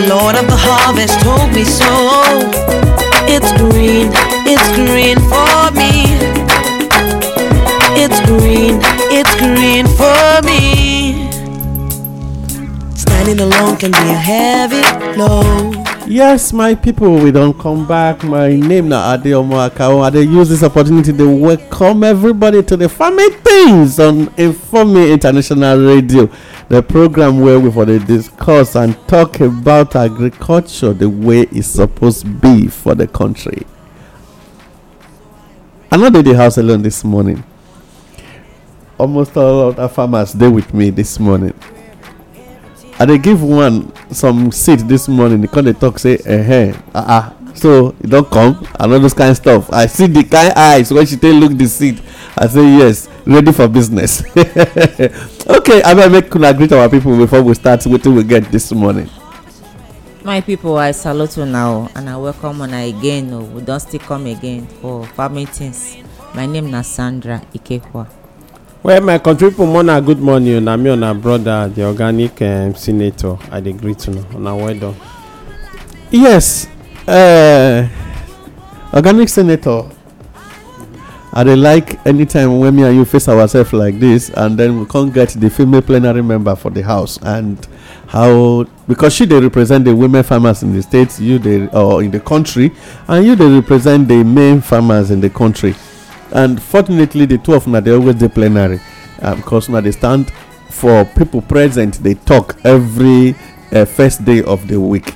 The Lord of the harvest told me so. It's green, it's green for me. It's green, it's green for me. Standing alone can be a heavy load yes my people we don't come back my name na adeomo akao i use this opportunity to welcome everybody to the farming things on informe international radio the program where we for the discuss and talk about agriculture the way supposed to be for the country i not dey the house alone this morning almost all of the farmers stay with me this morning i dey give one some seed this morning They come dey talk say eh ah so e don come and all those kind stuff i see the kind eyes when she take look the seed i say yes ready for business okay abeg make una greet our people before we start wetin we get this morning my people i salute you now and i welcome on again oh. we don't still come again for farming things my name is sandra Ikehua well my country people, mona good morning una me una brother, the organic um, senator i dey greet una una well done yes uh, organic senator i dey like anytime when me and you face ourselves like this and then we con get the female plenary member for the house and how because she dey represent the women farmers in the state you dey or in the country and you dey represent the main farmers in the country and fortunately the two of them they always the plenary uh, because now they stand for people present they talk every uh, first day of the week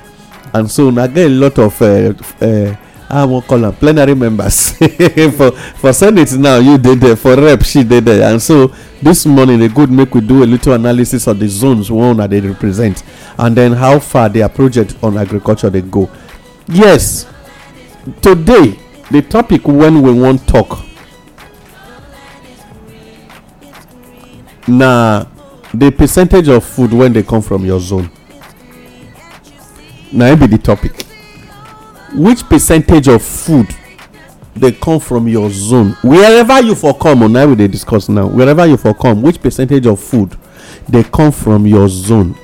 and so now get a lot of uh, uh, I won't call them plenary members for for senate now you did there for rep she did there and so this morning they could make we do a little analysis of the zones one that they represent and then how far their project on agriculture they go yes today the topic when we want talk na the percentage of food when they come from your zone na be the topic which percentage of food dey come from your zone wherever you for come or oh, now we dey discuss now wherever you for come which percentage of food dey come from your zone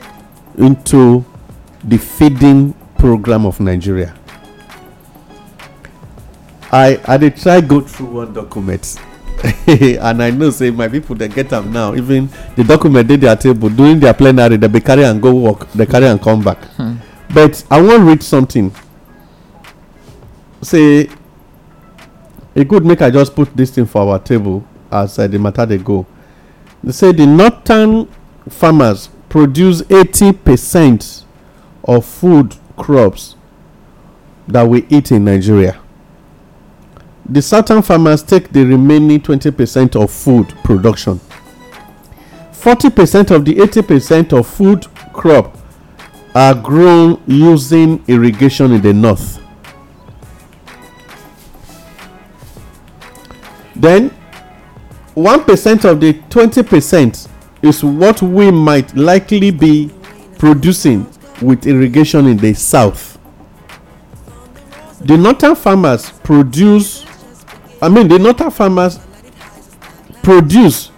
into the feeding program of nigeria i i dey try go through one document and i know say my people dey get am now even the document dey their table during their plenary dem be carry am go work dem carry am come back hmm. but i wan read something say e good make i just put this thing for our table as uh, the matter dey go They say the northern farmers produce eighty percent of food crops that we eat in nigeria the southern farmers take the remaining 20% of food production. 40% of the 80% of food crop are grown using irrigation in the north. Then 1% of the 20% is what we might likely be producing with irrigation in the south. The northern farmers produce I mean, the northern farmers produce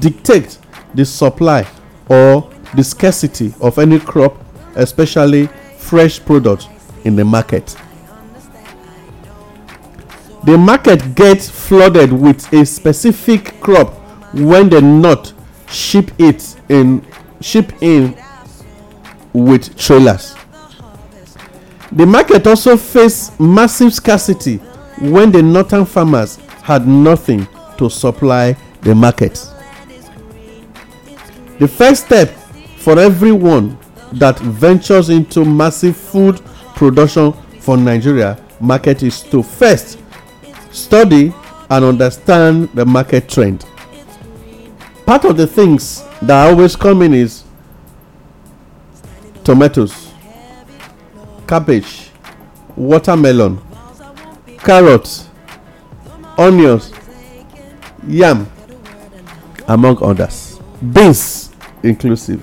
dictate the supply or the scarcity of any crop, especially fresh product in the market. The market gets flooded with a specific crop when the not ship it in ship in with trailers. The market also face massive scarcity when the northern farmers had nothing to supply the market. The first step for everyone that ventures into massive food production for Nigeria market is to first study and understand the market trend. Part of the things that always come in is tomatoes, cabbage, watermelon, carrots onions yam among others beans inclusive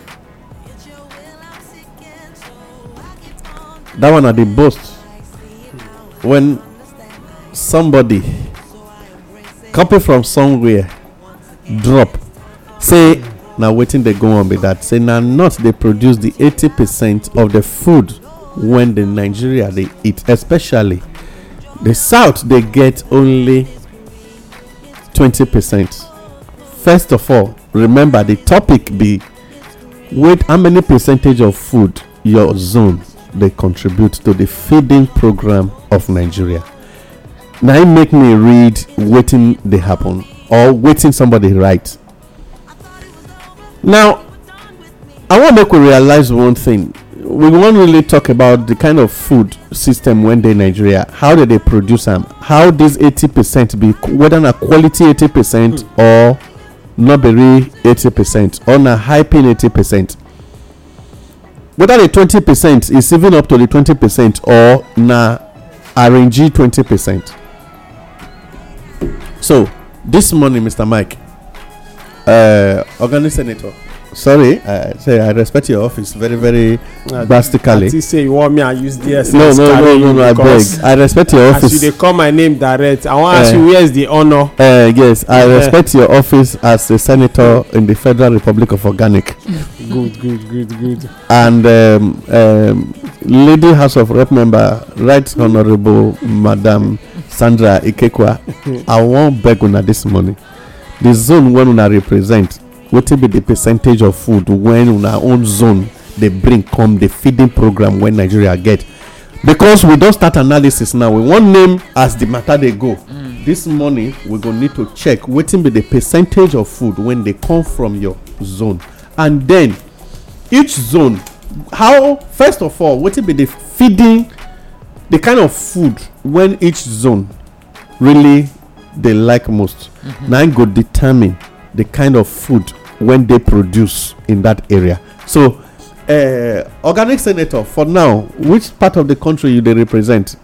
that one na the boast when somebody copy from somewhere drop say na wetin dey go on be that say na nuts dey produce the eighty percent of the food when the nigeria dey eat especially the south they get only 20% first of all remember the topic be wait how many percentage of food your zone they contribute to the feeding program of nigeria now it make me read waiting they happen or waiting somebody write now i want to make we realize one thing we won't really talk about the kind of food system when they Nigeria. How do they produce them? How this eighty percent be whether na quality eighty percent hmm. or not very eighty percent or na hyping eighty percent. Whether the twenty percent is even up to the twenty percent or na RNG twenty percent. So this morning, Mr. Mike, uh, organic senator. sorry, I say I respect your office very, very uh, drastically. You say you want me, I use DSS. No, no, no, no, no, I beg. I respect your office. As you they call my name direct, I want to ask eh. you where's the honour? Uh, eh, yes, I eh. respect your office as a senator in the Federal Republic of Organic. good, good, good, good. And um, um, Lady House of Rep member, Right Honourable Madam Sandra Ikekwa, I won't beg on this morning. The zone when I represent wetin be the percentage of food when una own zone dey bring come the feeding program wey nigeria get because we don start analysis now we wan name as the matter dey go mm. This morning we go need to check wetin be the percentage of food when dey come from your zone and then each zone how first of all wetin be the feeding the kind of food when each zone really dey like most mm-hmm. na go determine the kind of food when they produce in that area so uh, organic senator for now which part of the country you they represent.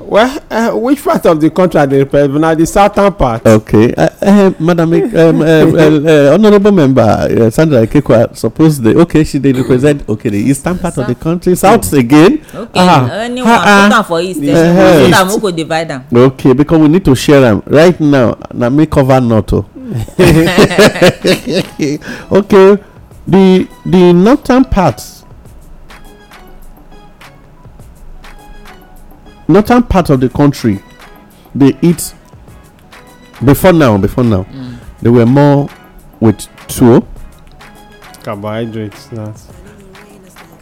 well uh, which part of the country i dey represent Now the southern part. okay uh, uh, madam um, uh, uh, uh, honourable member uh, sandra ikekwa suppose the okay she they represent okay the eastern part south. of the country south mm. again. okay uh, anyone uh, put for east uh, so that we go divide am. okay because we need to share them right now na me cover noto. Oh. okay, the the northern parts, northern part of the country, they eat. Before now, before now, mm. they were more with two carbohydrates, nuts.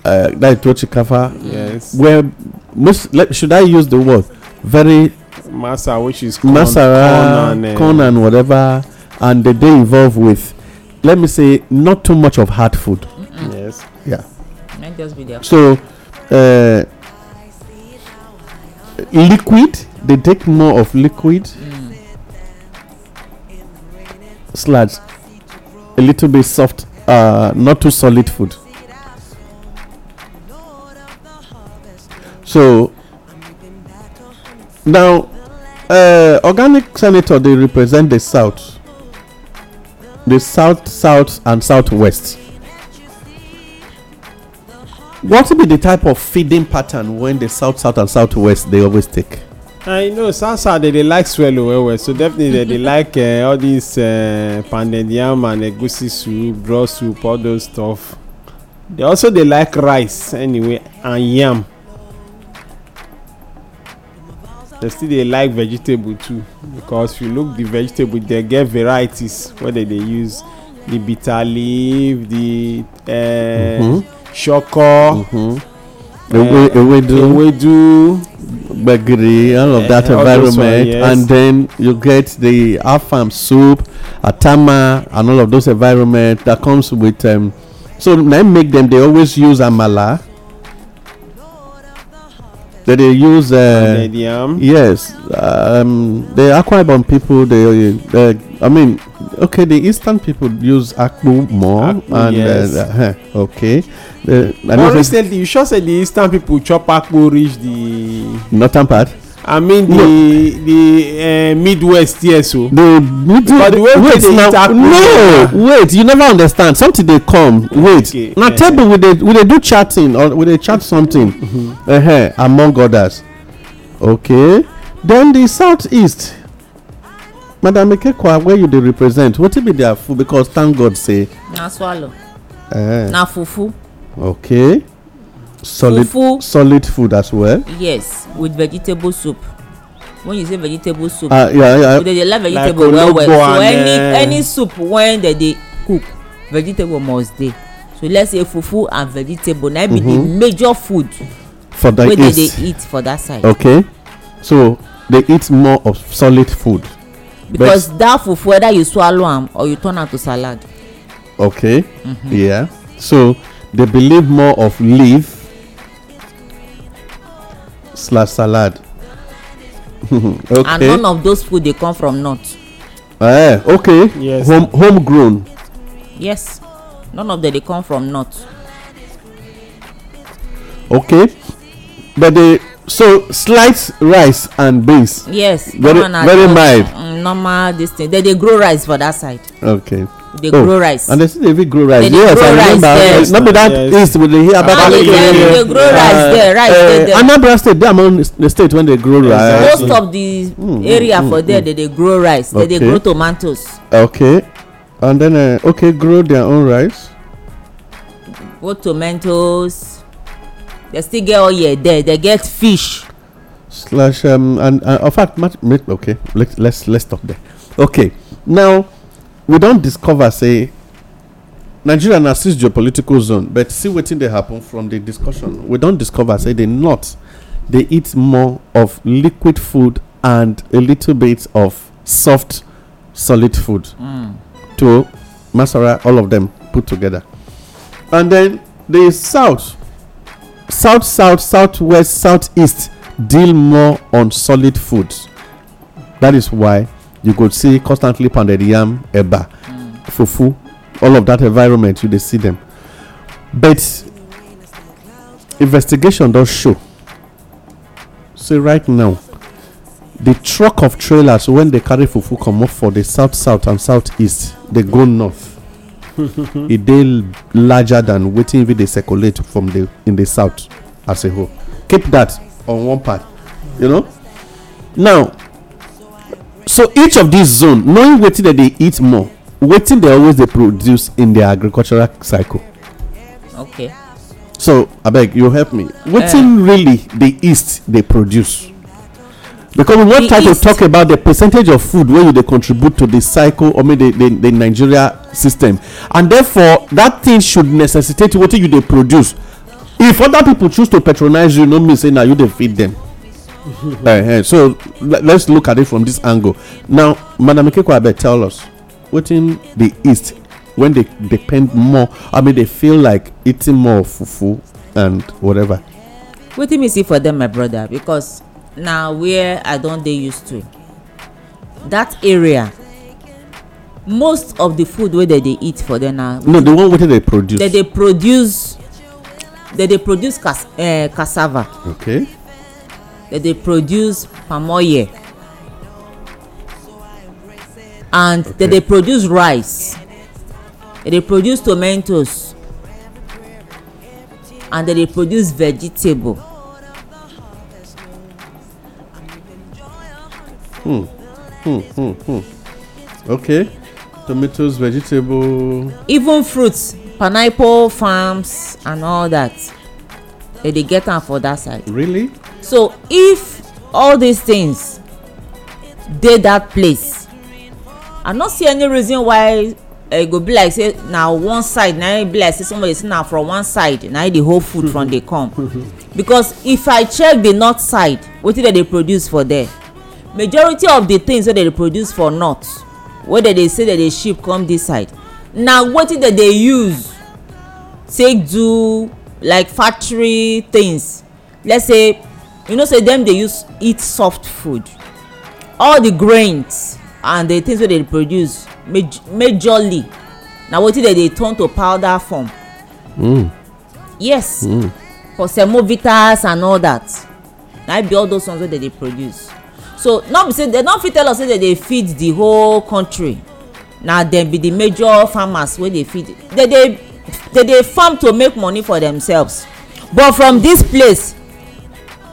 Uh, that is cover. Yes. Where most let, should I use the word very masa, which is corn, corn, and, uh, corn and whatever and they, they with, let me say, not too much of hard food. Mm-mm. Yes. Yeah. So, uh, liquid, they take more of liquid. Mm. Sludge, a little bit soft, uh, not too solid food. So now, uh, organic senator they represent the South. the south, south, and southwest. What will be the type of feeding pattern when the south, south, and southwest they always take? I know south south they, they like swallow well well so definitely they, they like uh, all these uh, pounded yam and egusi soup broth soup all those stuff. They also they like rice anyway and yam. they still dey like vegetable too because if you look the vegetable they get varieties wey they dey use the bitter leaf the uh, ewedu ewedu gbegiri all of uh, that eh, environment one, yes. and then you get the afam soup atama and all of those environment that comes with um, so na make them dey always use amala they use uh, the yes um, the Akwa Ibom people they uh, I mean okay the eastern people use akpu more akpu, and uh, yes. uh, uh, okay. The, I more recently you sure say the eastern people chop akpu reach the northern part. I mean the no. the uh, Midwest yes. so. Oh. The middle but the way wait, they now, No, wait, you never understand. Something they come. Wait. Okay. Now yeah. table we they we they do chatting or we they chat something. Mm-hmm. Uh-huh, among others. Okay. Then the southeast. Madam Ekekwa, where you they represent? What will be their food? Because thank God say. Na swallow. Uh, na fufu. Okay solid fufu solid food as well. yes with vegetable soup when you say vegetable soup uh, yeah, yeah, they dey like vegetable like well well so any uh, any soup when they dey cook vegetable must dey so let's say fufu and vegetable na be the mm-hmm. major food for the wey they dey eat for that side. okay so they eat more of solid food. because but, that fufu whether you swallow am or you turn am to salad. okay mm -hmm. yeah so they believe more of leaf slash salad okay and none of those food dey come from north eh okay yes home home grown yes none of them dey come from north okay but they so slice rice and beans yes very very mild mm, normal this thing they dey grow rice for that side okay dey oh, grow rice and they still dey fit grow rice yes i remember yes no be that east we dey hear about that and they dey grow rice uh, there rice dey uh, there anambra state dey among the state wey dey grow rice most of the hmm, hmm, area hmm, for there dey dey grow rice dey dey grow tomatoes okay and then uh, okay grow their own rice Grow tomatoes they still get oil there they get fish slash um and uh, in fact okay let's let's stop there okay now we don discover say nigeria na six geopolitical zone but see wetin dey happen from the discussion we don discover say di north dey eat more of liquid food and a little bit of soft solid food mm. to masara all of them put together and then the south south south southwest southeast deal more on solid foods that is why you could see constantly pounded yam, eba, fufu, all of that environment, you they see them. But investigation does show. See right now, the truck of trailers when they carry fufu come up for the south, south and southeast, they go north. e dey larger than wetin even dey circulate from the in the south as a whole keep that on one part you know now so each of dis zone knowing wetin dem dey eat more wetin dem always dey produce in their agricultural cycle okay. so abeg you help me wetin eh. really the east dey produce because we wan try to talk about the percentage of food wey you dey contribute to the cycle or maybe the the nigeria system and therefore that thing should necessitate wetin you dey produce if other people choose to patronize you no mean say na you dey feed them uh, so let's look at it from this angle now madam ikeko abeg tell us wetin the east when they depend more i mean they feel like eating more fufu and whatever wetin be see for them my brother because na where i don dey used to that area most of the food wey dem dey eat for there na. no the one wey dem dey produce. dem dey produce dem dey produce cas uh, cassava. okay That they produce palm oil and okay. dem dey produce rice dem dey produce tomatoes and dem dey produce vegetable. Hmm. Hmm, hmm, hmm. okay tomatoes vegetable. even fruits pineapple farms and all that They dey get am for that side. really so if all these things dey that place i no see any reason why uh, go be like say na one side na e be like say somebody say na from one side na e the whole food from dey come mm-hmm. because if i check the north side wetin dem dey produce for there majority of the things wey dem dey produce for north wey dem dey say dem dey ship come this side na wetin dem dey use take do like factory things let's say you know say dem dey use eat soft food all the grains and the things wey dey produce majorly na wetin dem dey turn to powder form mm. yes mm. for semovitas and all that na be all those ones wey dem dey produce so no be say dem no fit tell us say dem dey feed the whole country na dem be the major farmers wey dey feed dem dey dey farm to make money for themselves but from this place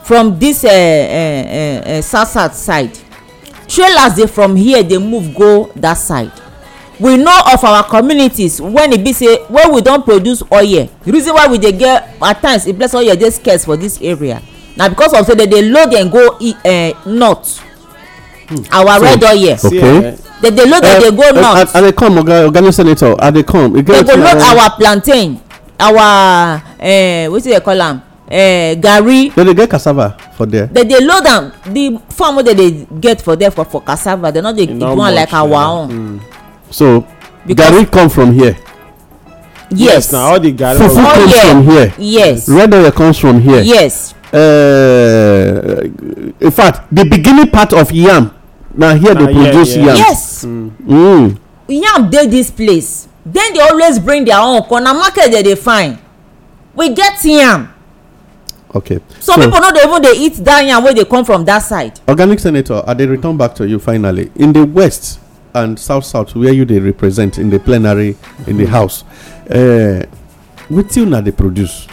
from this uh, uh, uh, south side trailers dey from here dey move go that side we know of our communities when e be say when we don produce oil the reason why we dey get at times e place oil dey scarce for this area na because of say they dey load dem go uh, north hmm. our so, red oil okay. Eh, dem dey load dem eh, dey go north i dey come oga oga senator i dey come e get wetin go load our plantain our uh, wetin dem call am Eh, garri. dem dey get cassava for there. They dey load am the farm wey they dey get for there for for cassava They no dey give one like our own. Mm. so garri come from here. yes na all the garri. fufu comes oh, from here. yes red oil comes from here. yes. Uh, in fact the beginning part of yam na here dey produce yam. yes. Mm. mm. yam dey this place dem dey always bring their own come na market dem dey find we get yam okay some so, people no dey even dey eat that yam wey dey come from that side organic senator i dey return back to you finally in the west and south south where you dey represent in the plenary in the mm-hmm. house uh, wetin una dey produce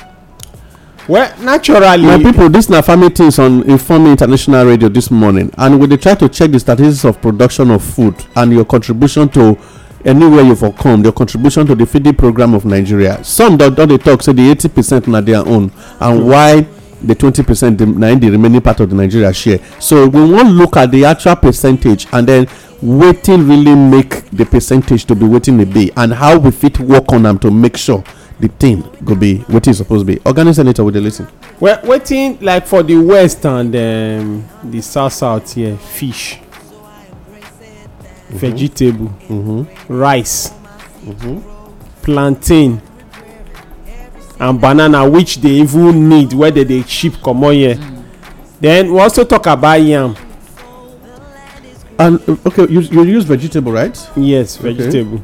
well naturally my people this na farming things on informe international radio this morning and we dey try to check the statistics of production of food and your contribution to anywhere you for come your contribution to the feeding program of nigeria some don dey talk say the 80 percent na dia own and mm. why the 20 percent na im di remaining part of the nigeria share so we wan look at the actual percentage and then wetin really make the percentage to be wetin e be and how we fit work on am to make sure the thing go be wetin e suppose be organic senator we dey listen. well wetin like for di west and um, di south south here fish Mhm. vegetable mhm. rice mhm. plantain and banana which dey even need wey dey dey cheap comot here then we also talk about yam and uh, okay you you use vegetable right yes vegetable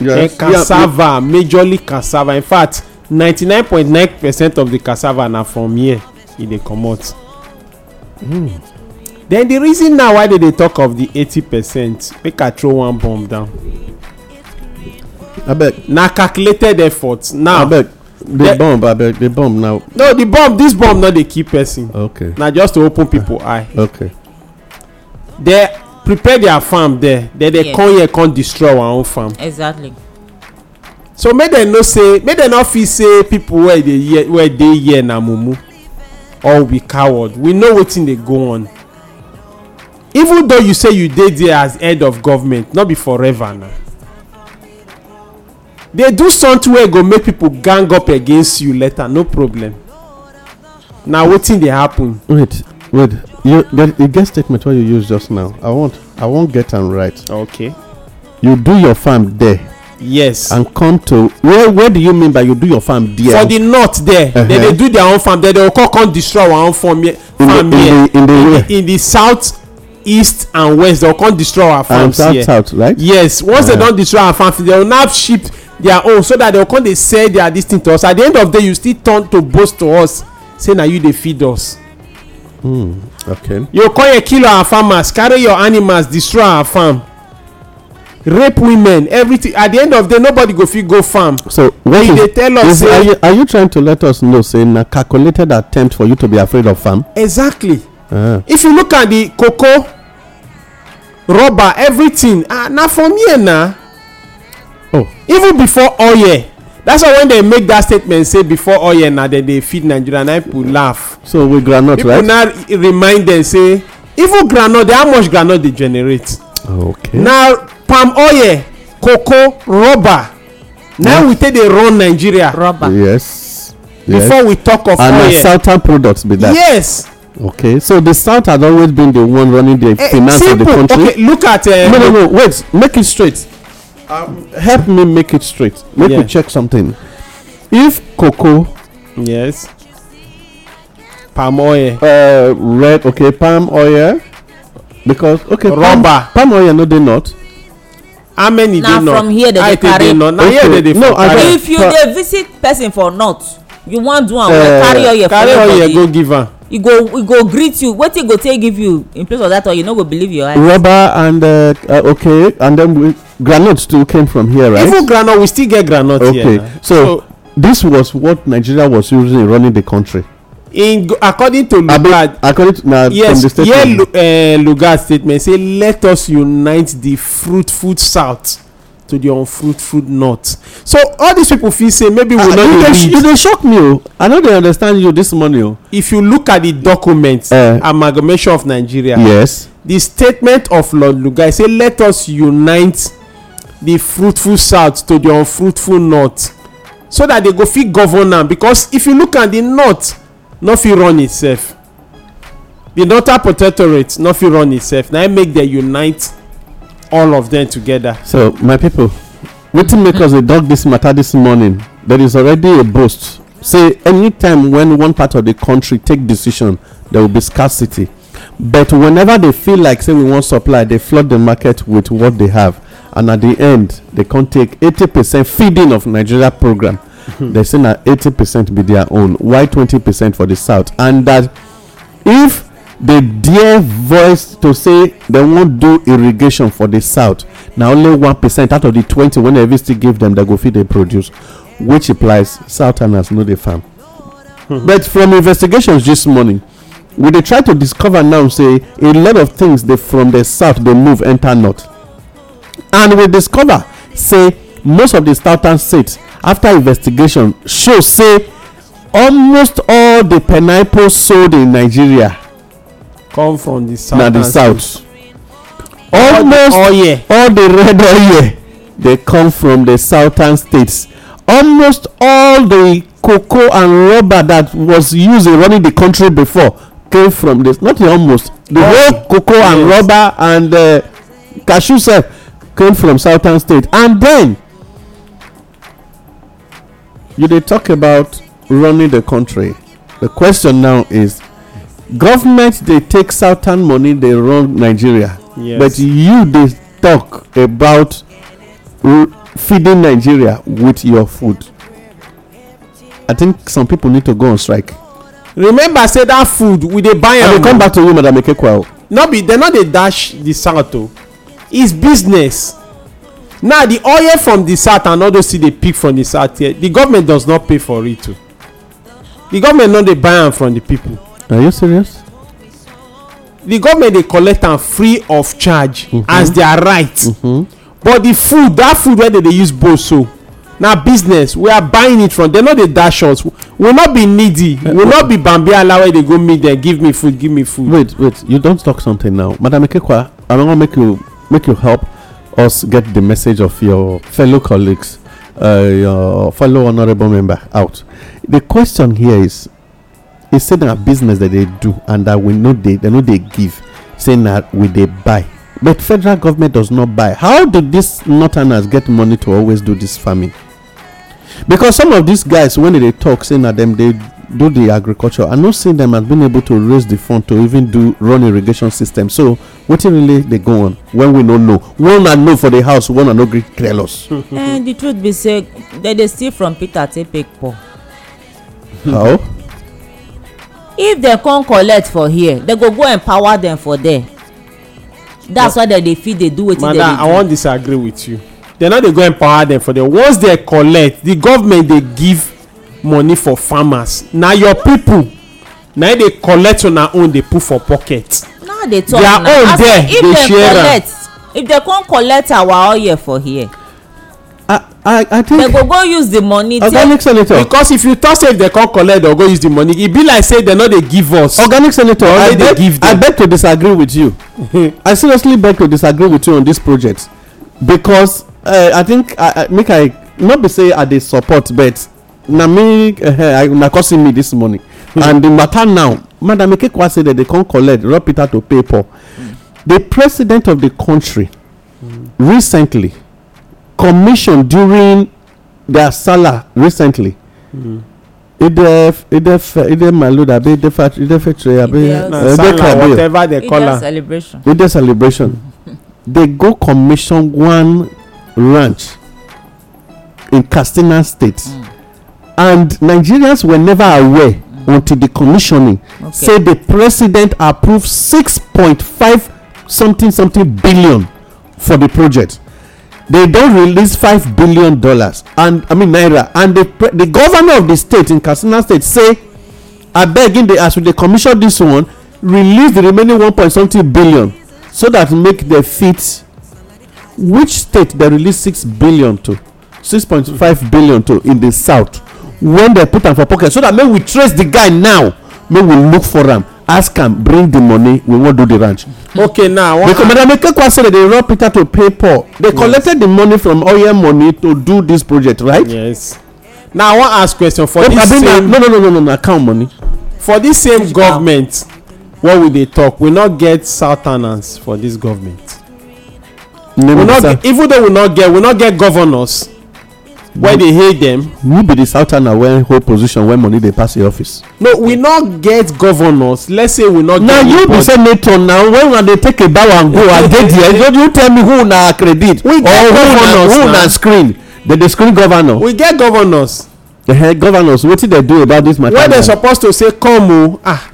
yes then cassava majorly cassava in fact ninety-nine point nine percent of the cassava na from here e dey comot hmm then the reason now why they dey talk of the eighty percent make i throw one bomb down abeg na calculated effort now abeg the bomb abeg the bomb now no the bomb this bomb no dey kill person okay na just to open people eye okay they prepare their farm there then they come here come destroy our own farm exactly so make dem know say make dem no feel say pipo wey dey here na mumu or we coward we know wetin dey go on even though you say you dey there as head of government no be forever na dey do something wey go make people gang up against you later no problem na wetin dey happen. wait wait you get you get statement wey you use just now i want i wan get am right. okay. you do your farm there. yes. and come to where where do you mean by you do your farm there. for the north there. Uh -huh. they uh-huh. do their own farm there they will come come destroy our own farm here. farm in here the, in the in the in the south east and west dem come destroy our farms here and south out, right yes once they don destroy our farms dem now shift their own so that dem come dey sell their dis thing to us at the end of the day you still turn to boast to us say na you dey feed us mm, okay you come here kill our farmers carry your animals destroy our farm rape women everything at the end of the day nobody go fit go farm so when you dey tell us say are you are you trying to let us know say na calculated attempt for you to be afraid of farm exactly ah. if you look at the cocoa rubber everything ah na for me, eh, na oh even before oil that's why when they make that statement say before oil na dem they feed nigeria na people laugh so we groundnut right people na remind them say even groundnut how much groundnut dey generate okay na palm oil cocoa rubber now we take dey run nigeria rubber yes before we talk of oil and na southern products be that yes Okay, so the South had always been the one running the uh, finance simple. of the country. Okay, look at. Uh, no, no, no, wait, make it straight. Um, Help me make it straight. Let yeah. me check something. If cocoa. Yes. Palm oil. Uh, red, okay, palm oil. Because, okay, rubber. Palm, palm oil, no, they not. how many Now north from here they dey carry no if you dey visit person for north you want one. am eh, carry oil carry oil go give am e go e go greet you wetin e go take give you in place of that or you no go believe your eyes. rubber and uh, uh, okay and then we, groundnut too came from here right. even groundnut we still get groundnut okay. here. okay so, so this was what nigeria was using running the country. in according to lugard according to na yes, from the statement yes here uh, lugard statement say let us unite the fruitful south to the unfruitful fruit nut so all these people feel say maybe we ah, no dey read you dey shock me o i no dey understand you this morning o. if you look at the document uh, eh. amalgamation of nigeria yes the statement of lord lugard say let us unite the fruitful south to the unfruitful north so that they go fit govern am because if you look at the north no fit run itself the northern protectorate no fit run itself na make them unite all of them together. so my people wetin make us dey talk this matter this morning there is already a boast say anytime when one part of the country take decision there will be scarcity but whenever they feel like say we wan supply they flood the market with what they have and at the end they come take 80 percent feeding of nigeria program hmm. they say na 80 percent be their own why 20 percent for the south and that if The dear voice to say they wan do irrigation for the south na only one percent out of the twenty wey dem still give them that go fit dey produce which implies southerners no dey farm hmm. but from investigations this morning we dey try to discover now say a lot of things dey from the south dey move enter north and we discover say most of the southern states after investigation show say almost all di pineapple sold in nigeria come from the south na the south almost all the red oil dey come from the southern states almost all the cocoa and rubber that was used in running the country before came from this not almost the whole cocoa and rubber and uh, cashew sef came from southern state. and then you dey talk about running the country the question now is government dey take southern money dey run nigeria but you dey talk about feeding nigeria with your food i think some people need to go on strike remember say dat food we dey buy am i dey come back to you madam ekekwa no be dem no dey dash the south o oh. It's business now the oil from the south and all those still dey pick from the south here The government does not pay for it o oh. di government no dey buy am from the people are you serious the government dey collect am free of charge mm-hmm. as their right mm-hmm. but the food that food wey dem dey use bowl so na business we are buying it from dem no dey dash us we no be needy eh, we no be bambiala wey dey go meet dem give me food give me food wait wait you don talk something now madam ikekwa i wan make you make you help us get the message of your fellow colleagues uh, your fellow honourable member out the question here is They say na business that they do and that we no dey they no dey give say na we dey buy but federal government does not buy how do these northerners get money to always do this farming because some of these guys when they talk say na them dey do the agriculture i no see them as being able to raise the fund to even do run irrigation system so wetin really dey go on when we no know one una know for the house one una no gree tell us. and the truth be say dem dey steal from peter take pay paul. how if dem come collect for here dem go go empower dem for there that's why dem dey fit dey do wetin dem dey do. madam i wan disagree with you dem no dey go empower dem for there once dem collect the government dey give money for farmers na your people na im dey collect una own dey put for pocket now dey talk na as if dem collect if dem come collect our oil for here i i think dem go go use the money organic senator because if you talk say if dem come collect dem go use the money e be like say dem no dey give us organic senator i beg i beg to disagree with you i seriously beg to disagree with you on this project because eh, i think make i not be say i dey support but na me eh, eh, na causing me this morning and di matter now madam ikekwa say dem dey come collect rub peter to pay paul mm. The president of the country mm. recently Commission during their sala recently. Mm. Idef Idef Idef Malud abi Idef eh, Idef Etre abi Idef Kabir whatever they call am. Idef celebration. Idef celebration. They go commission one ranch in Katsina State. Mm. And Nigerians were never aware mm. until the commissioning okay. say the president approved five something something billion for the project they don release five billion dollars and i mean naira and the the governor of the state in katsina state say abeg as we dey commission this one release the remaining one point something billion so that make dem fit which state dem release six billion to six point five billion to in the south when dem put am for pocket so that make we trace the guy now make we look for am ask am bring the money we wan do the ranch. okay now because madam ekekwa say they dey run peter to pay paul they yes. collected the money from oil money to do this project right. yes now i wan ask question for this same no no no no no na account money. for this same government wey we dey talk we no get southerners for this government. no we no get even though we no get we no get governors why dey hate dem who be the southerner wey hold position when money dey pass the office no we no get governors let's say we no get now you be say Nathan. now when una dey take a bow and go i dey there you tell me who una credit or who una screen dem dey screen governor we get governors governors wetin dem do about dis matter wey dem suppose to say come o oh, ah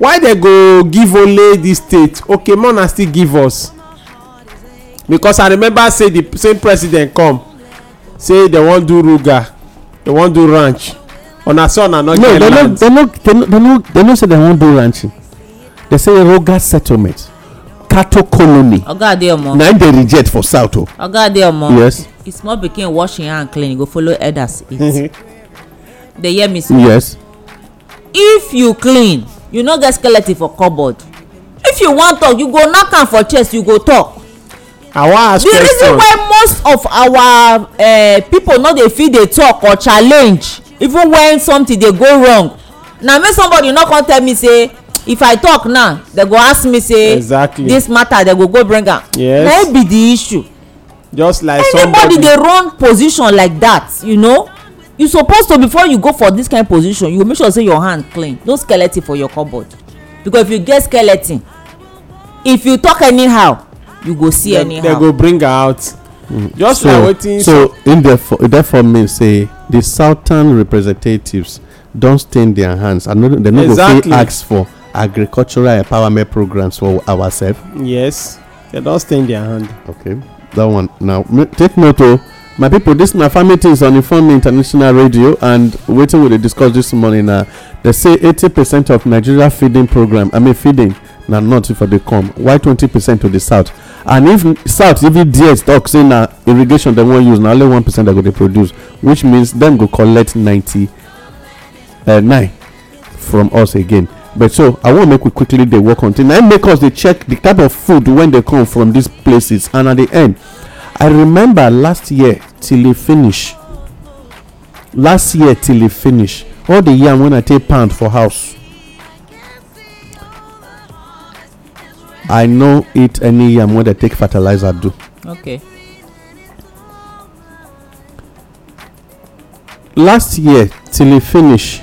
why dem go give only dis state okay more still give us because i remember say di same president come say they wan do ruga they wan do ranch una say una no get land no dem no no say dem wan do Ranch. dem say ruga settlement cattle colony na im dey reject for south o. oga adeomo yes if small pikin wash im hand clean e go follow elders eat dey mm-hmm. hear me say yes if you clean you no get skeleton for cupboard if you wan talk you go knack am for chest you go talk i wan ask question the reason why most of our uh, people no dey fit dey talk or challenge even when something dey go wrong na make somebody no come tell me say if i talk now they go ask me say exactly this matter They go go bring am yes na be the issue just like anybody somebody anybody dey run position like that you know you suppose to before you go for this kind of position you make sure say your hand clean no skeleton for your cupboard because if you get skeleton if you talk anyhow you go see dem, anyhow They go bring her out mm. just like wetin so in therefore therefore, mean say the southern representatives don stain their hands and They no go fit ask for agricultural empowerment programs for ourselves. yes they don stain their hand okay that one now take note o oh, my pipo dis na family tins on inform international radio and wetin we dey discuss this morning na uh, they say eighty percent of nigeria feeding program i mean feeding na north for dey come why twenty percent to the south and if south even ds talk say na irrigation dem wan use na only one percent dem go dey produce which means dem go collect ninety eh, nine from us again but so i wan make we quickly dey work on things and make us dey check the type of food wey dey come from these places and at the end i remember last year till e finish last year till e finish all the yam wey i take pound for house i no eat any yam wey dem take fertilizer do okay last year till e finish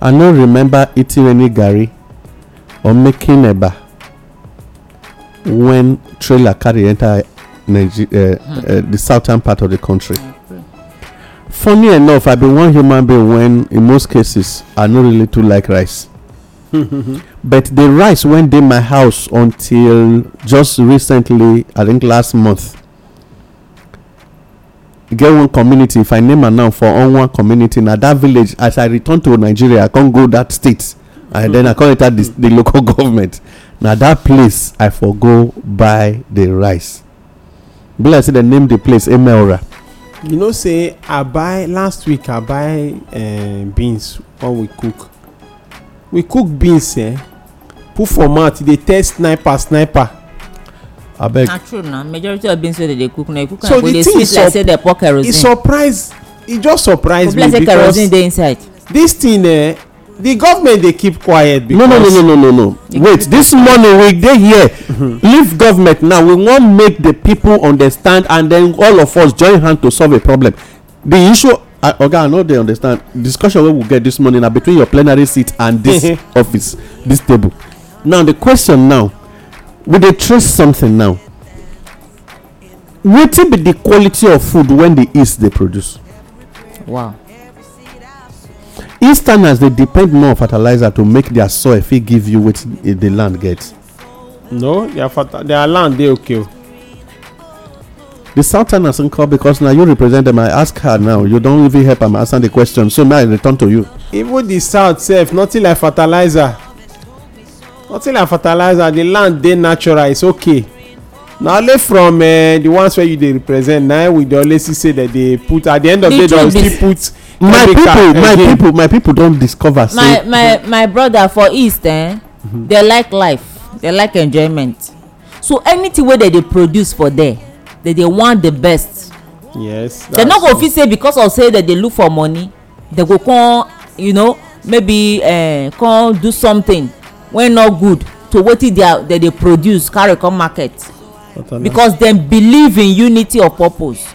i no remember eating any garri or making eba when trailer carry enter eh, eh, the southern part of the country funny enough i be one human being when in most cases i no really too like rice but the rice when dey my house until just recently i think last month get one community if i name am now for onwa community na that village as i return to nigeria i come go that state and then i come enter the local government na that place i for go buy the rice be like say dem name the place emeora you know say i buy last week i buy eh, beans when we cook we cook beans eh put for mouth e dey tell sniper sniper abeg na true na majority of beans wey dey dey cook na you cook am go dey sweet like say dey pour kerosene e surprise e just surprise me because like kerosene dey inside this thing eh the government dey keep quiet because no no no no no no wait this morning we dey here mm-hmm. leave government now we wan make the people understand and then all of us join hand to solve a problem the issue oga i no dey understand discussion wey we get this morning na between your plenary seat and this office this table now the question now we dey trace something now wetin be the quality of food wey di east dey produce wow easterners dey depend more on fertilizer to make their soil fit give you wetin the land get no their land dey okay the southerners hasn't called because now you represent them i ask her now you don't even help am answer the question so may i return to you. even the south sef nothing like fertilizer nothing like fertilizer the land dey natural it's okay na only from uh, the ones wey you dey represent na we dey always see say dem dey put at the end of the day dem still put. my people my again. people my people don discover say. my my my brother for east eh, mm -hmm. dey like life dey like enjoyment so anything wey dem dey produce for there they dey want the best yes dem no go fit say because of say dem dey look for money They go come you know maybe uh, come do something wey no good to wetin they dey produce carry come market because dem believe in unity of purpose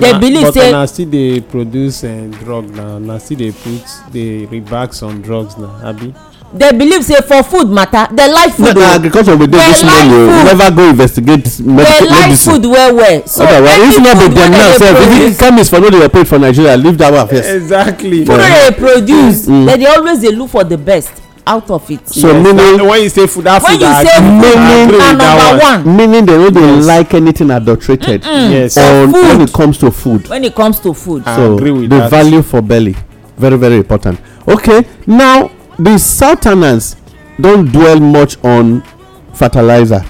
dem believe say but na still dey produce eh, drug na na still dey put dey rebax on drugs na abi They believe say for food matter dem like food o agriculture go dey this morning o never go investigate medicine dem like food well well so if no be dem now sef if chemist for no dey operate for nigeria leave that one first exactly food wey dey produce mm. they dey always dey look for the best out of it. so yes, meaning when you say food that food that meaning na number one. meaning they no dey yes. like anything adulterated. Mm -mm. yes on food. when it comes to food. when it comes to food. I so agree with the value for belly very very important okay now the southerners don dwell much on fertilizer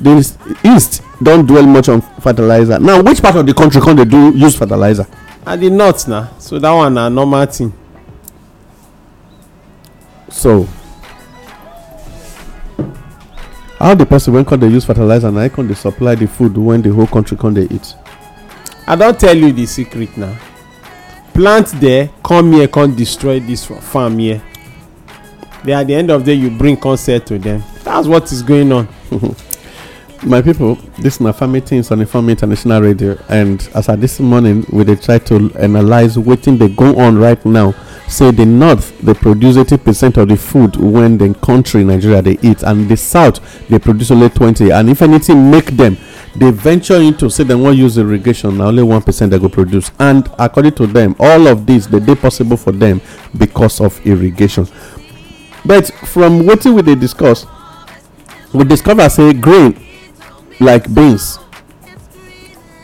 the east don dwell much on fertilizer now which part of the country come dey do use fertilizer na the north na so that one na normal thing. so how the person wey come dey use fertilizer na come dey supply the food wey the whole country come dey eat. i don tell you the secret na plant there come here come destroy this farm here they at the end of the day you bring concert to them that's what is going on my people this is my family things on the inform international radio and as at this morning we dey try to analyze wetin dey go on right now say the north they produce eighty percent of the food when the country nigeria they eat and the south they produce only twenty and if anything make them they venture into say they wan use irrigation na only one percent they go produce and according to them, all of this they dey possible for them because of irrigation but from what we they discuss we discover say grain like beans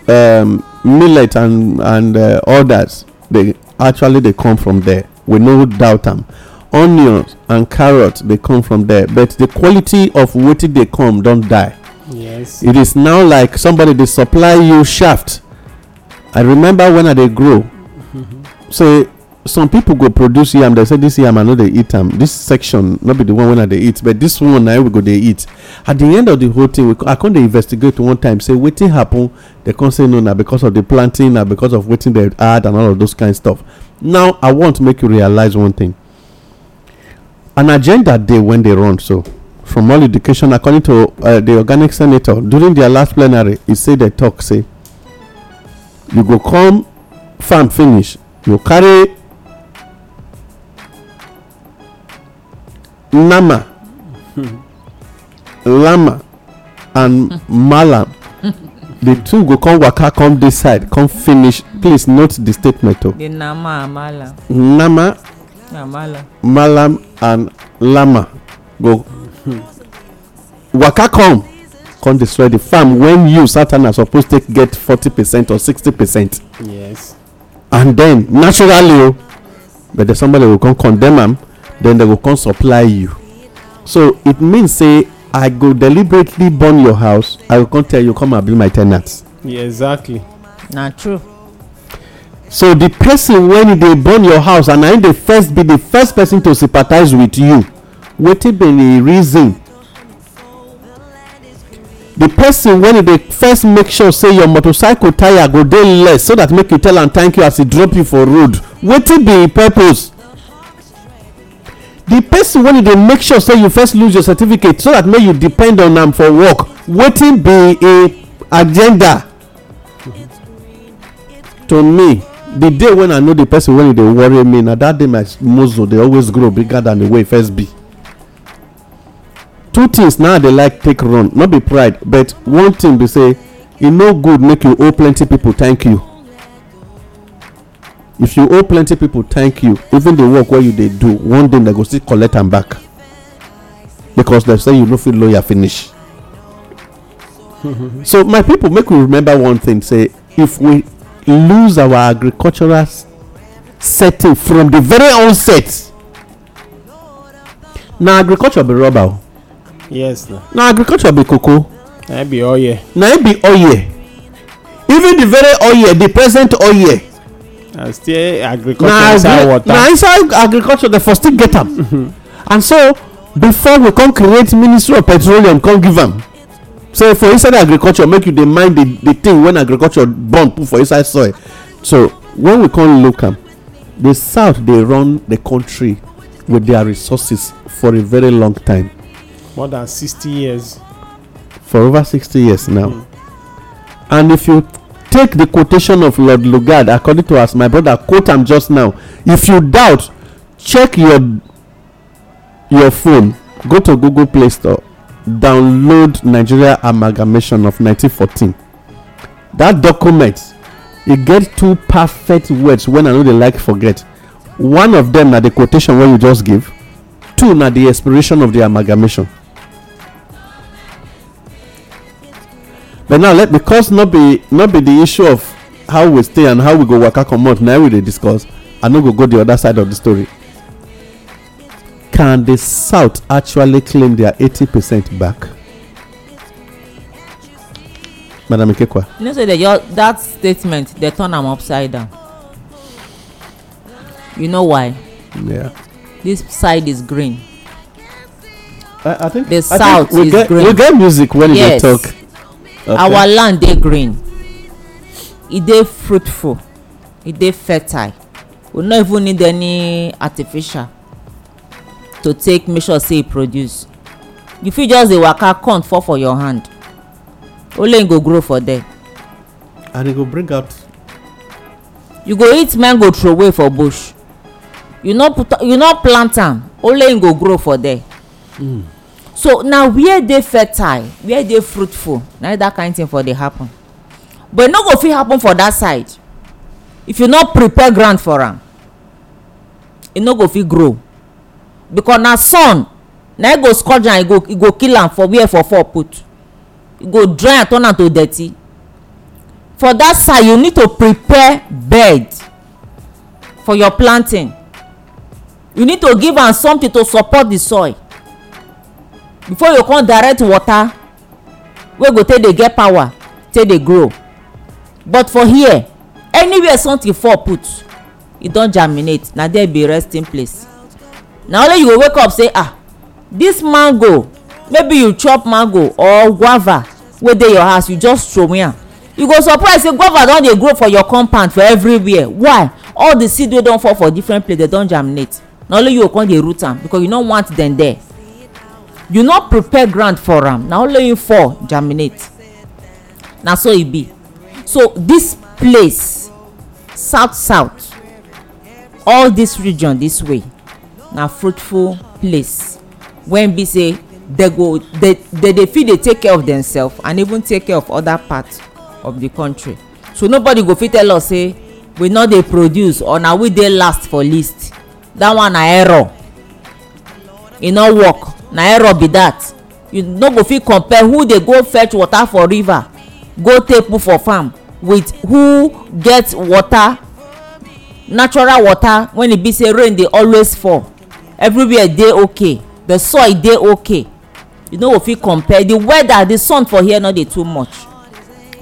um, millet and and uh, others They actually they come from there we no doubt them onions and carrots they come from there but the quality of what they come don't die yes it is now like somebody they supply you shaft i remember when i they grow mm-hmm. say some people go produce yam They say this yam i no they eat them. Um, this section not be the one when i dey eat but this one now we go they eat at the end of the whole thing i come investigate one time say wetin happen They can't say no now because of the planting now because of waiting dem add and all of those kind stuff now i want to make you realize one thing an agenda day when they run so from all education according to uh, the organic senator during their last plenary he said dem talk say you go come farm finish you carry Nama, Lama, and mala, the two go come waka come this side come finish please note the statement o. Oh. the nama and mala. nama mala, malam and lama go waka come come destroy the farm when you satan are supposed to get forty percent or sixty percent. yes. and then naturally o oh, but then somebody go come condemn am then they go come supply you so it means say i go deliberately burn your house i will come tell you come and be my tenant yeah exactly Not true so the person when they burn your house and I the first be the first person to sympathize with you What it be the reason The person when they first make sure say your motorcycle tire go dey less so that make you tell and thank you as he drop you for road it be e purpose The person wey you dey make sure say you first lose your certificate so that make you depend on am for work wetin be a agenda to me the day when i know the person wey e dey worry me na that day my muscle dey always grow bigger than the way e first be two things now i dey like take run not be pride but one thing be say e no good make you owe plenty people thank you if you owe plenty people thank you even the work wey you dey do one day dem go still collect am back because dem say you no fit lawyer finish so my people make we remember one thing say if we lose our agricultural setting from the very onset na agriculture be rubber yes na agriculture be cocoa na e be oil na e be oil even the very oil the present oil Uh, still agriculture na water na inside agriculture they first still get them. Mm-hmm. and so before we come create ministry of petroleum come give them. So for inside agriculture make you demand the the thing when agriculture born put for inside soil so when we come look am the south they run the country with their resources for a very long time more than 60 years for over 60 years now mm-hmm. and if you take the quotation of lord lugard according to as my brother quote am just now if you doubt check your your phone go to google play store download nigeria amalgamation of 1914 that document e get two perfect words wey i no dey like forget one of them na the quotation wey you just give two na the expiration of the amalgamation but now let because not be not be the issue of how we stay and how we go waka comot na we dey discuss i no go go the other side of the story can the south actually claim their eighty percent back madam ikekwa. you know say they just that statement dey turn am upside down you know why. yeah. this side is green. I, I think the I south think is get, green. we get music when yes. you dey talk our land dey green e dey fruitful e dey fertile we no even need any artificial to take make sure say e produce you fit just dey waka corn fall for your hand only im e go grow for there. and e go bring out. you go eat mango throway for bush you no put you no plant am only im e go grow for there. Mm so na where dey fertile where dey fruitful na that kind thing for dey happen but e no go fit happen for that side if you no prepare ground for am e no go fit grow because na sun na e go scourge am e go e go kill am for where for fall put e go dry and turn am to dirty for that side you need to prepare bed for your planting you need to give am something to support the soil before you come direct water wey go take dey get power take dey grow but for here anywhere something fall put e don germinate na there be resting place na only you go wake up say ah this mango maybe you chop mango or guava wey dey your house you just throw am you go surprise say guava don dey grow for your compound for everywhere why all the seed wey don fall for different place dey don germinate na only you go come dey root am because you no want dem there you no prepare ground for am na only you fall germinate na so e be so this place south south all this region this way na fruitful place wen be say dey go dey dey fit dey take care of themselves and even take care of other parts of the country so nobody go fit tell us say we no dey produce or na we dey last for list that one na error e no work na error be that you no go fit compare who dey go fetch water for river go take put for farm with who get water natural water when e be say rain dey always fall everywhere dey okay the soil dey okay you no go fit compare the weather the sun for here no dey too much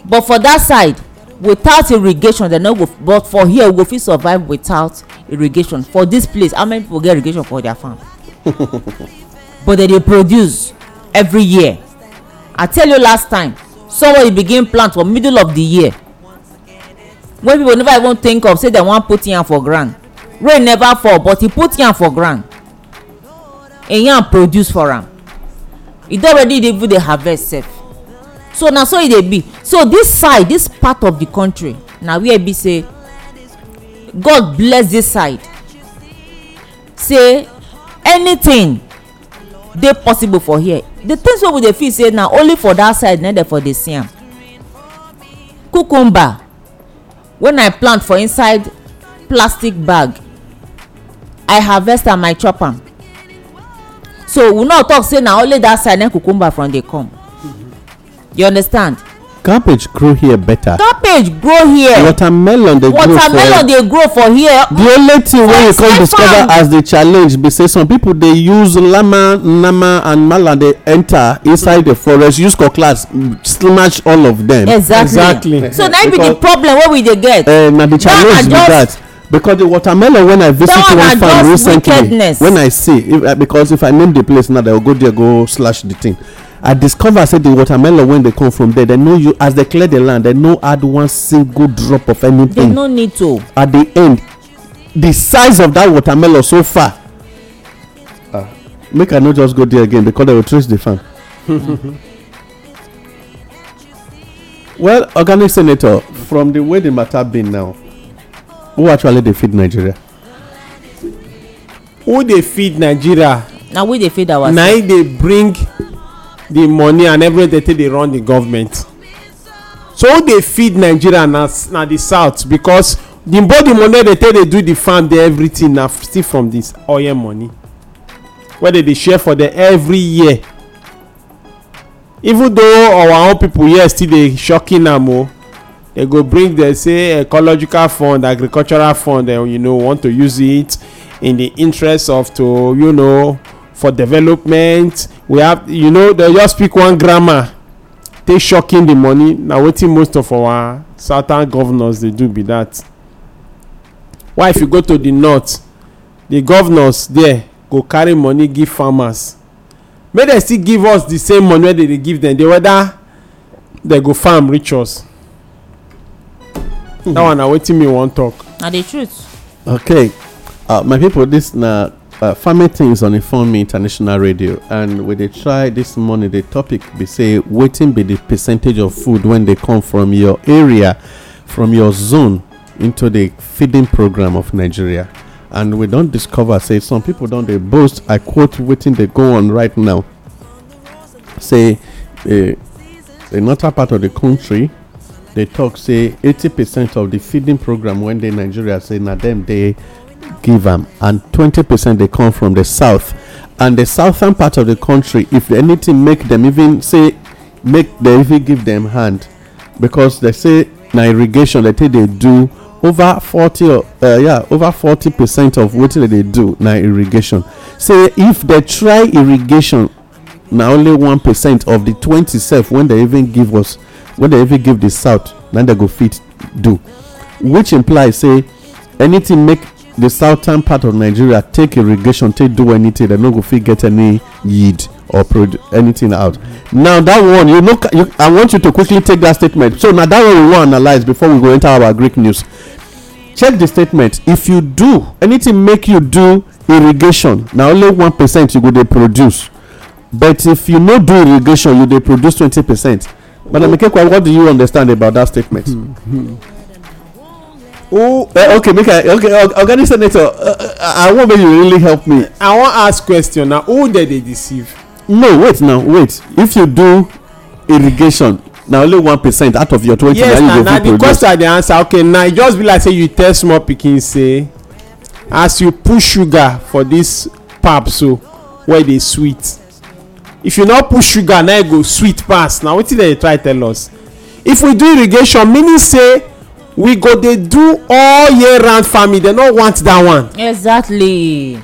but for that side without irrigation dem no go but for here we go fit survive without irrigation for this place how many people get irrigation for their farm. but they dey produce every year i tell you last time somebody begin plant for middle of the year when people never even think of say they wan put yam for ground rain never fall but he put yam for ground and yam produce for am e don already even dey harvest sef so na so e dey be so this side this part of the country na where e be say god bless this side say anything dey possible for here the things wey we dey feel say na only for that side na dem for dey see am cucumber when i plant for inside plastic bag i harvest am i chop am so we no talk say na only that side na cucumber from dey come you understand cabbage grow here better cabbage grow here watermelon dey grow for watermelon dey grow for here the only thing wey you come discover as the challenge be say some people dey use lama nama and mala dey enter inside the forest use cutlass smash all of them exactly so na be the problem wey we dey get uh, na the challenge be that because the watermelon when i visit one farm recently when i see if eh, because if i name the place now they go go there go slash the thing i discover say the watermelon when they come from there dem know you as they clear the land dem no add one single drop of anything They no need to at the end the size of that watermelon so far ah. make i no just go there again because dem will trace the farm well organic senator from the way the matter been now who actually dey feed nigeria who they feed nigeria Now we they feed ourselves na e dey bring the money and everything take dey run the government so who dey feed nigeria na na the south because the body money dey take dey do the farm dey everything na still from this oil money wey dey dey share for there every year even though our own people here still dey shocking am o they go bring the say ecological fund agricultural fund and you know want to use it in the interest of to you know for development we have you know they just speak one grammar take shocking the money na wetin most of our southern governors dey do be that why if you go to the north the governors there go carry money give farmers make they still give us the same money wey dem dey give them? dey whether they go farm reach us that hmm. one na wetin me wan talk. na the truth. okay uh, my people this na uh, farming things on me International Radio, and when they try this morning the topic be say waiting be the percentage of food when they come from your area, from your zone into the feeding program of Nigeria, and we don't discover say some people don't they boast. I quote waiting they go on right now. Say, uh, eh, another part of the country, they talk say 80% of the feeding program when they Nigeria say now them they um, and 20% they come from the south. And the southern part of the country, if anything, make them even say, make they even give them hand, because they say now irrigation they say they do over 40 or uh, yeah over 40 percent of what they do now irrigation. Say if they try irrigation, now only one percent of the 20 self when they even give us when they even give the south, then they go fit do, which implies say anything make the southern part of nigeria take irrigation take do anything They no go fit get any yield or produce anything out now that one you know i want you to quickly take that statement so now that one we wan analyse before we go enter our greek news check the statement if you do anything make you do irrigation na only one percent you go dey produce but if you no do irrigation you dey produce twenty percent madam ikekwe what do you understand about that statement. Hmm, hmm who uh, okay make i okay organic senator uh, uh i want make you really help me. i want ask question Now, who did they deceive. no wait now wait if you do irrigation now only one percent out of your twenty yes, na you go fit produce. yes the answer okay now e just be like say you tell small pikin say as you push sugar for this pap so wey they sweet if you not push sugar now e go sweet pass Now what did they try tell us if we do irrigation meaning say we go dey do all year round farming dem no want dat one exactly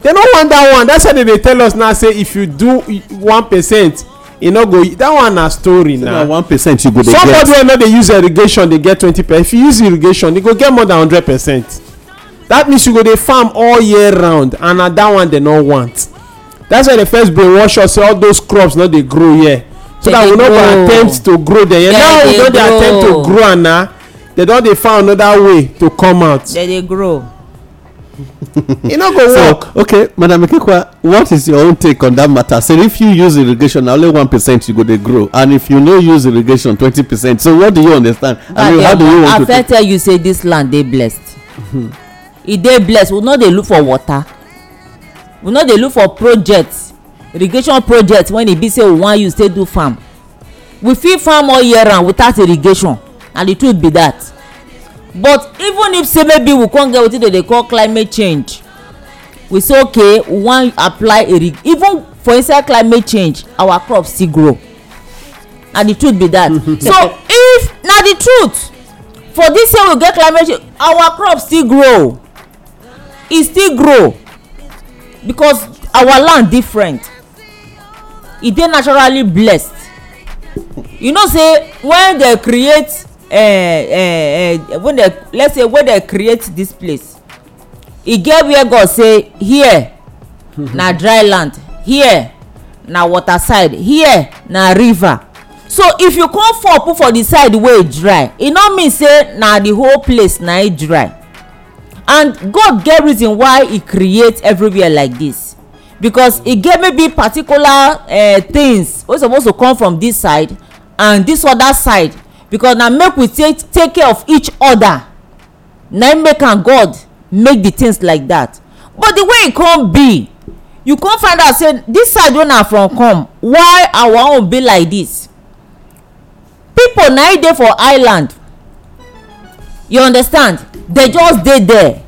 dem no want dat one that's why dem dey tell us now say if you do one percent e no go that one na story na one percent you go dey get somebody wey no dey use irrigation dey get twenty percent if you use irrigation you e go get more than hundred percent that means you go dey farm all year round and na that one dem no want that's why the first brainwash us say all those crops no dey grow here so that we no go attempt to grow dem now we no dey attempt to grow am na they don dey find another way to come out they dey grow e no go work okay madam ikekwa what is your own take on that matter say if you use irrigation na only one percent you go dey grow and if you no use irrigation twenty percent so what do you understand and how do you want to take i fit tell you say this land dey blessed hmm. e dey blessed we no dey look for water we no dey look for project irrigation project when e be say we wan use take do farm we fit farm all year round without irrigation and the truth be that but even if say maybe we come get wetin dem dey call climate change we say okay we wan apply irrig even for inside climate change our crops still grow na the truth be that so if na the truth for this year we get climate change our crops still grow e still grow because our land different e dey naturally blessed you know say when dem create uh, uh, when they let's say when they create this place e get where god say here na dry land here na water side here na river so if you come fall put for the side wey e dry e no mean say na the whole place na e dry and god get reason why e create everywhere like this because e get maybe particular uh, things wey suppose to come from this side and this other side because na make we take take care of each other na im make am god make the things like that but the way e come be you come find out say this side wey na from come why our own be like this people na e dey for island you understand They just dey there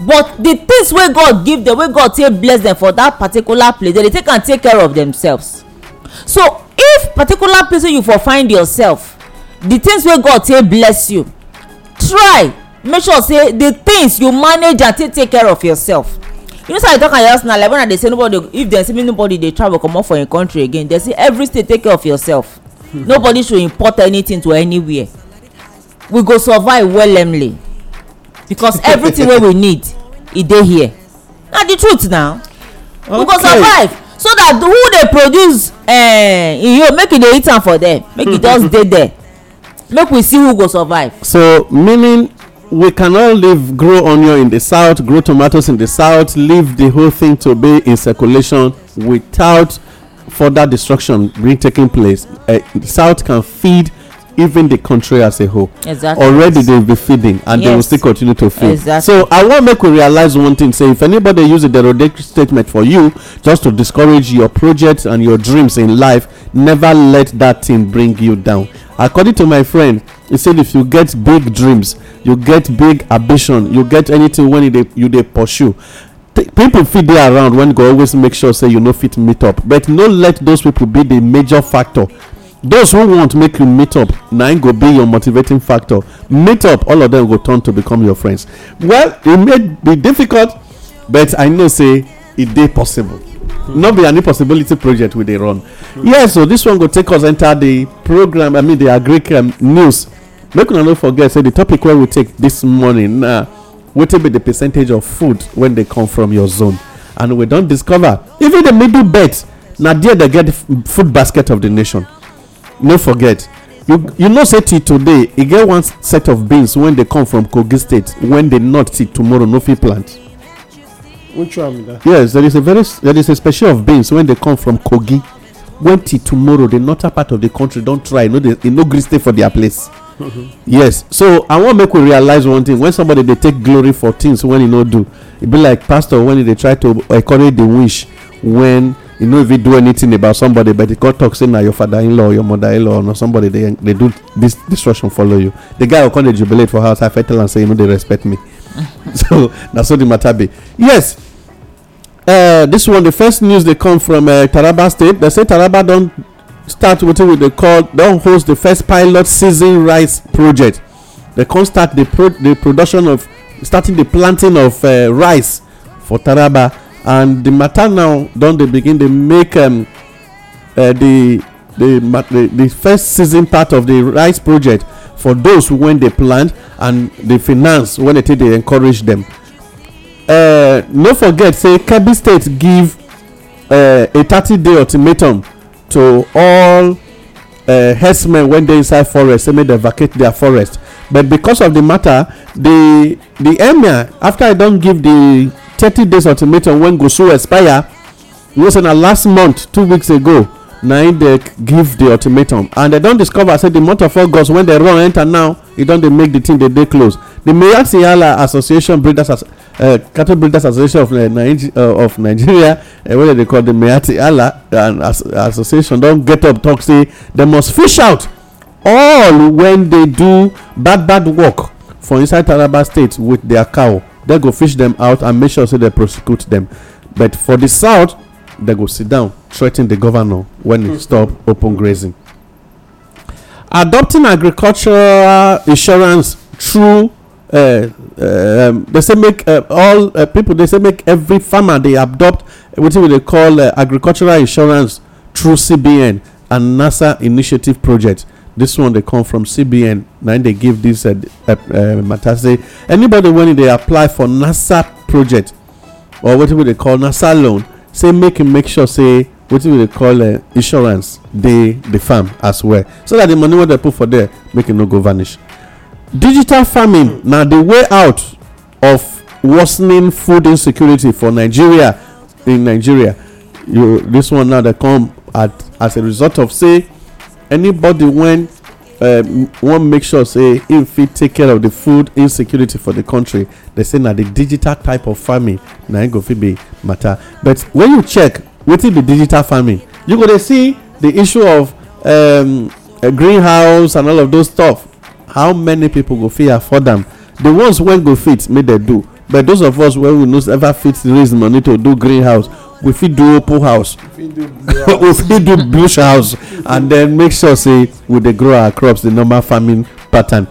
but the things wey god give them wey god take bless them for that particular place they dey take am take care of themselves so if particular place you for find yourself the things wey god take bless you try make sure say the things you manage and take take care of yourself you know say i talk am just now like when i dey say nobody if dem see nobody dey travel comot for im country again dem say every state take care of yourself nobody should import anything to anywhere we go survive wellingly because everything wey we need e dey here na the truth now, okay. we go survive so that who dey produce uh, e make e dey eat am for there make e just dey there make we see who go survive. so meaning we cannot leave grow onion in the south grow tomatoes in the south leave the whole thing to be in circulation without further destruction being taking place uh, south can feed even the country as a whole. Exactly. Already they be feeding and yes. they will still continue to feed. Exactly. So I want make we realize one thing. Say if anybody use a derogatory statement for you just to discourage your project and your dreams in life, never let that thing bring you down according to my friend he said if you get big dreams you get big ambition you get anything when you dey pursue people fit dey around when go always make sure say you no fit meet up but no let those people be the major factor those who want make you meet up na im go be your motivating factor meet up all of them go turn to become your friends well e may be difficult but i know say e dey possible not be an impossibility project we dey run yes so this one go take us enter the program i mean di um, news make una no forget say the topic wey we take this morning na wetin be di percentage of food when dey come from your zone and we don discover even the middle belt na there dey get food basket of the nation no forget you you know say till today e get one set of beans wey dey come from kogi state when dey not till tomorrow no fit plant Which one? Be that? Yes, there is a very there is a special of beans when they come from Kogi. When till tomorrow, the northern part of the country don't try. No, they, they no gree stay for their place. Mm -hmm. Yes. So I want make we realize one thing. When somebody they take glory for things when he no do, it e be like pastor when they try to encourage the wish when he know even do anything about somebody, but the God talks say now your father-in-law, your mother-in-law, or somebody they they do this destruction follow you. The guy will come to jubilate for house. I tell and say you know they respect me. so that's all the matter be yes uh, this one the first news dey come from uh, taraba state dem say taraba don start wetin we dey call don host the first pilot season rice project dem come start the pro the production of starting the planting of uh, rice for taraba and the matter now don dey begin dey make um, uh, the, the the the first season part of the rice project for those when dey plant and the finance when they take dey encourage them, uh, no forget say kebbi state give uh, a thirty day ultimatum to all uh, herdsmen wey dey inside forest say make dem vacate their forest but because of the matter the the emir after i don give the thirty days ultimatum when go so expire you know say na last month two weeks ago na im dey give the ultimatum and dem don discover say the month of august wen dem run enter now e don dey make the thing dey dey close the mayak yala association breeders uh, cattle breeders association of uh, Niger uh, of nigeria wey dem dey call di mayak yala association don get up talk. say dem must fish out all wen dey do bad bad work for inside taraba state with their cow dem go fish dem out and make sure say dem prosecute dem but for the south they go sit down, threatening the governor when he stop open grazing. Adopting agricultural insurance through uh, uh, um, they say make uh, all uh, people they say make every farmer they adopt wetin they call uh, agricultural insurance through CBN and NASA initiative project. This one they come from CBN. Now they give this uh, uh, matter say anybody when they apply for NASA project or what they call NASA loan say make him make sure say wetin we dey call uh, insurance dey the farm as well so that the money wey dem put for there make e no go vanish digital farming na the way out of worsening food insecurity for nigeria in nigeria you this one now dey come at as a result of say anybody wen Um, one make sure say im fit take care of the food insecurity for the country They say na the digital type of farming na im go fit be matter but when you check wetin be digital farming you go dey see the issue of um, greenhouse and all of those stuff how many people go fit afford am The ones wey go fit make dem do but those of us wey we no ever fit raise money to do greenhouse we fit do open house we fit do bush house and then make sure say we dey grow our crops the normal farming pattern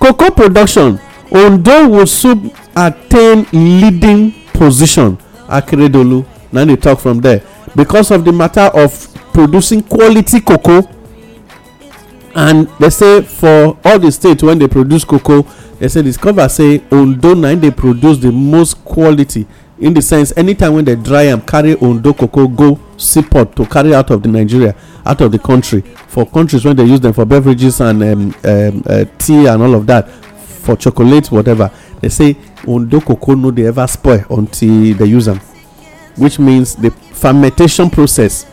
cocoa production ondo will soon attain leading position akeredolu na dey talk from there because of the matter of producing quality cocoa and they say for all the states when they produce cocoa they say discover say ondo na dey produce the most quality in the sense anytime when they dry am carry ondo cocoa go seaport to carry out of the nigeria out of the country for countries when they use them for beverages and um, um, uh, tea and all of that for chocolate whatever they say ondo cocoa no dey ever spoil until they use am which means the fermentation process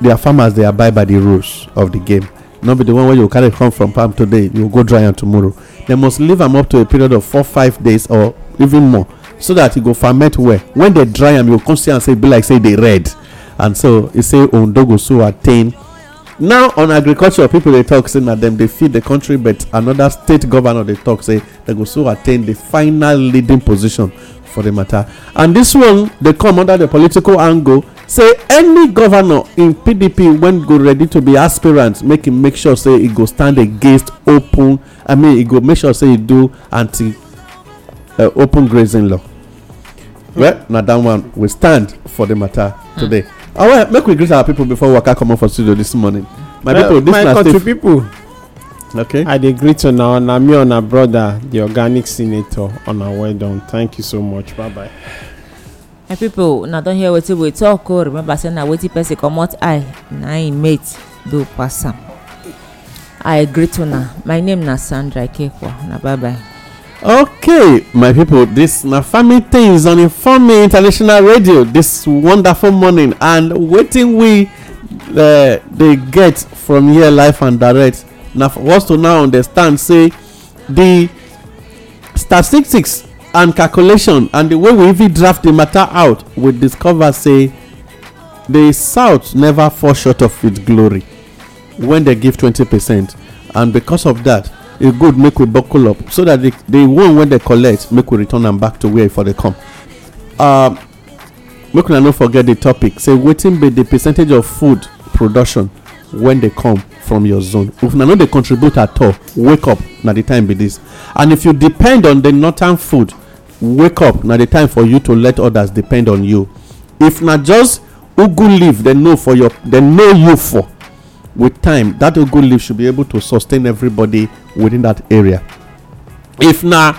their farmers dey abide by the rules of the game no be the one wey you carry come from farm today you go dry am tomorrow they must leave am up to a period of four five days or even more so that e go ferment well when dem dry am you go come see am say e be like say e dey red and so e say ondo go so attain now on agriculture people dey talk say na dem dey feed the country but another state governor dey talk say dem go so attain the final leading position for the matter and this one dey come under di political angle say any governor in pdp wen go ready to be aspirant make e make sure say e go stand against open i mean e go make sure say e do anti uh, open grazing law Hmm. well na that one we stand for the matter today alright hmm. make we greet our people before waka comot for studio this morning my people this na steve my country people. okay i dey greet una una me una brother the organic senator una well done thank you so much bye bye my pipo una don hear wetin we talk o oh. remember say na wetin person comot eye na im mate do pass am i greet una my name na sandra ikekwa na bye bye Okay, my people, this na farming things on Informe International Radio this wonderful morning and waiting we uh, they get from here live and direct. Now for us to now understand say the statistics and calculation and the way we even draft the matter out, we discover say the South never fall short of its glory when they give 20% and because of that e good make we buckle up so that the one wey dey collect make we return am back to where e for dey come um, make una no forget the topic say wetin be the percentage of food production when dey come from your zone if una no dey contribute at all wake up na the time be dis and if you depend on the northern food wake up na the time for you to let others depend on you if na just ugu leaf dem know you for with time that ogo leaf should be able to sustain everybody within that area if na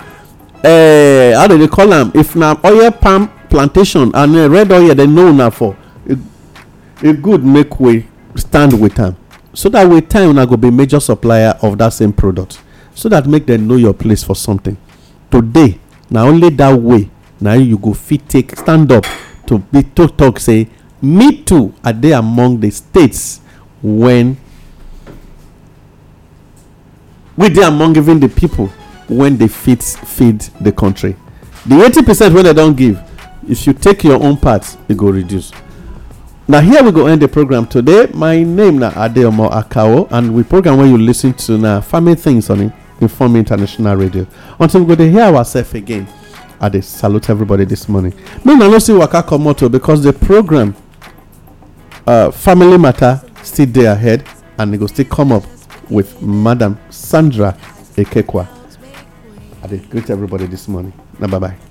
uh, how do they call am if na oil palm plantation and uh, red oil dem know na for e, e good make we stand with am so that with time una go be major supplier of that same product so that make dem know your place for something today na only that way na you go fit take stand up to be to talk say me too i dey among the states when we there among even the people when they feed feed the country the 80 percent when they don't give if you take your own part it go reduce now here we go end the program today my name na adeomo Akao, and we program where you listen to na family things on inform international radio until we go to hear ourselves again i salute everybody this morning Me una no see waka comot because the program uh, family matter still there ahead and e go still come up with madam sandra ekekwa i did greet everybody this morning na bye bye